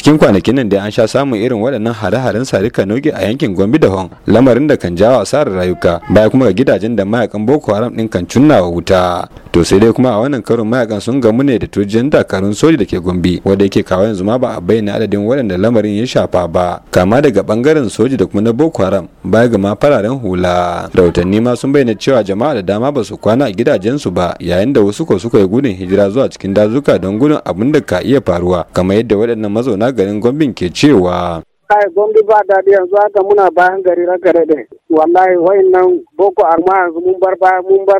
cikin kwanakin nan da an sha samun irin waɗannan hare-haren sarika noge a yankin gombe da hon lamarin da kan jawo asarar rayuka baya kuma ga gidajen da mayakan boko haram ɗin kan wa wuta to sai dai kuma a wannan karon mayakan sun gamu ne da turjin dakarun soji da ke gombe wanda yake kawo yanzu ma ba a bayyana adadin waɗanda lamarin ya shafa ba kama daga bangaren soji da kuma na boko haram baya ga ma fararen hula rahotanni ma sun bayyana cewa jama'a da dama ba su kwana a gidajensu ba yayin da wasu ko suka yi gudun hijira zuwa cikin dazuka don gudun abin da ka iya faruwa kamar yadda waɗannan mazauna garin gombin ke cewa kai gombe ba daɗi yanzu haka muna bayan gari raka wallahi wayannan boko haram yanzu mun bar mun bar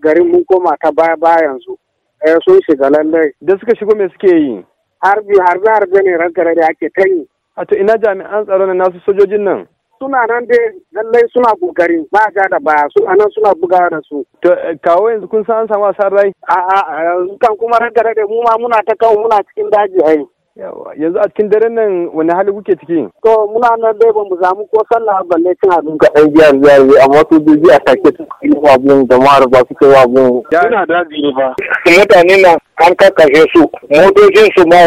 garin mun koma ta baya bayan yanzu eh sun shiga lallai da suka shigo me suke yi harbi harbe harbe ne rankare da ake ta yi a to ina jami'an tsaro na nasu sojojin nan suna nan dai lallai suna kokari ba ga da baya su anan suna bugawa da su to eh, kawo yanzu kun san samu asarar rai a a yanzu kan kuma rankare da mu ma muna ta kawo muna cikin daji ai yanzu a cikin daren nan wani hali kuke ciki to muna nan dai ba mu samu ko sallah balle cin abin kaɗan jiyar jiyar amma wasu jiya a sake su yi wa da jama'ar ba su kai wa abin yana daji ba mutane na an kakkashe su motocin su ma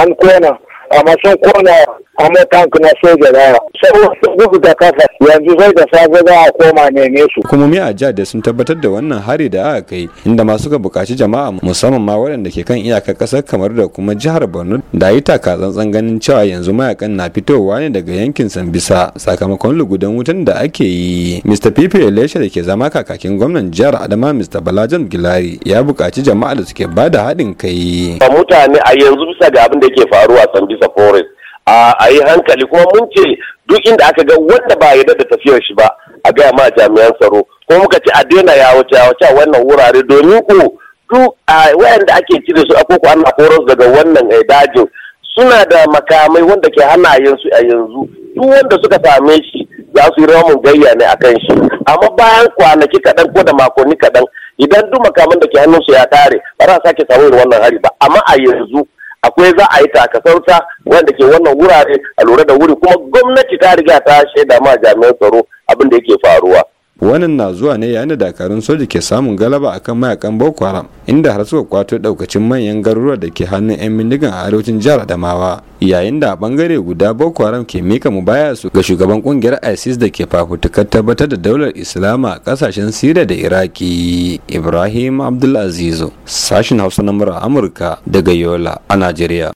an kona amma sun kona amma tank na soja na sun gudu da kasa yanzu zai da safe za a koma neme su hukumomi a jihar da sun tabbatar da wannan hari da aka kai inda masu ka bukaci jama'a musamman ma waɗanda ke kan iyakar kasar kamar da kuma jihar borno da yi taka tsantsan ganin cewa yanzu mayakan na fitowa ne daga yankin sambisa sakamakon lugudan wutan da ake yi mr pipe elisha da ke zama kakakin gwamnan jihar adama mr balajan gilari ya bukaci jama'a da suke bada haɗin kai mutane a yanzu bisa ga abin da ke faruwa sambisa bisa forest a yi hankali kuma mun ce duk inda aka ga wanda ba yi da tafiyar shi ba a gaya ma jami'an tsaro ko muka ci a daina ya wuce a wannan wurare domin ku duk wayanda ake cire su a koko ana koros daga wannan eh, dajin suna da makamai wanda ke su a yanzu duk wanda suka same shi za su yi ramin gayya ne akan shi amma bayan kwanaki kaɗan ko da makonni kaɗan idan duk makaman da ke hannun su ya kare ba za a sake samun wannan hari ba amma a yanzu akwai za a yi takasauta wanda ke wannan wurare a lura da wuri kuma gwamnati ta riga ta shaida ma jami'an tsaro abin da yake faruwa wannan na zuwa ne yayin da dakarun soja ke samun galaba akan mayakan boko haram inda har suka kwato daukacin manyan garuruwa da ke hannun 'yan bindigan a arewacin jihar adamawa yayin da a bangare guda boko haram ke mika mu baya su ga shugaban kungiyar isis da ke fafutukar tabbatar da daular islama a kasashen siriya da iraki ibrahim Abdulazizu sashin hausa na amurka daga yola a najeriya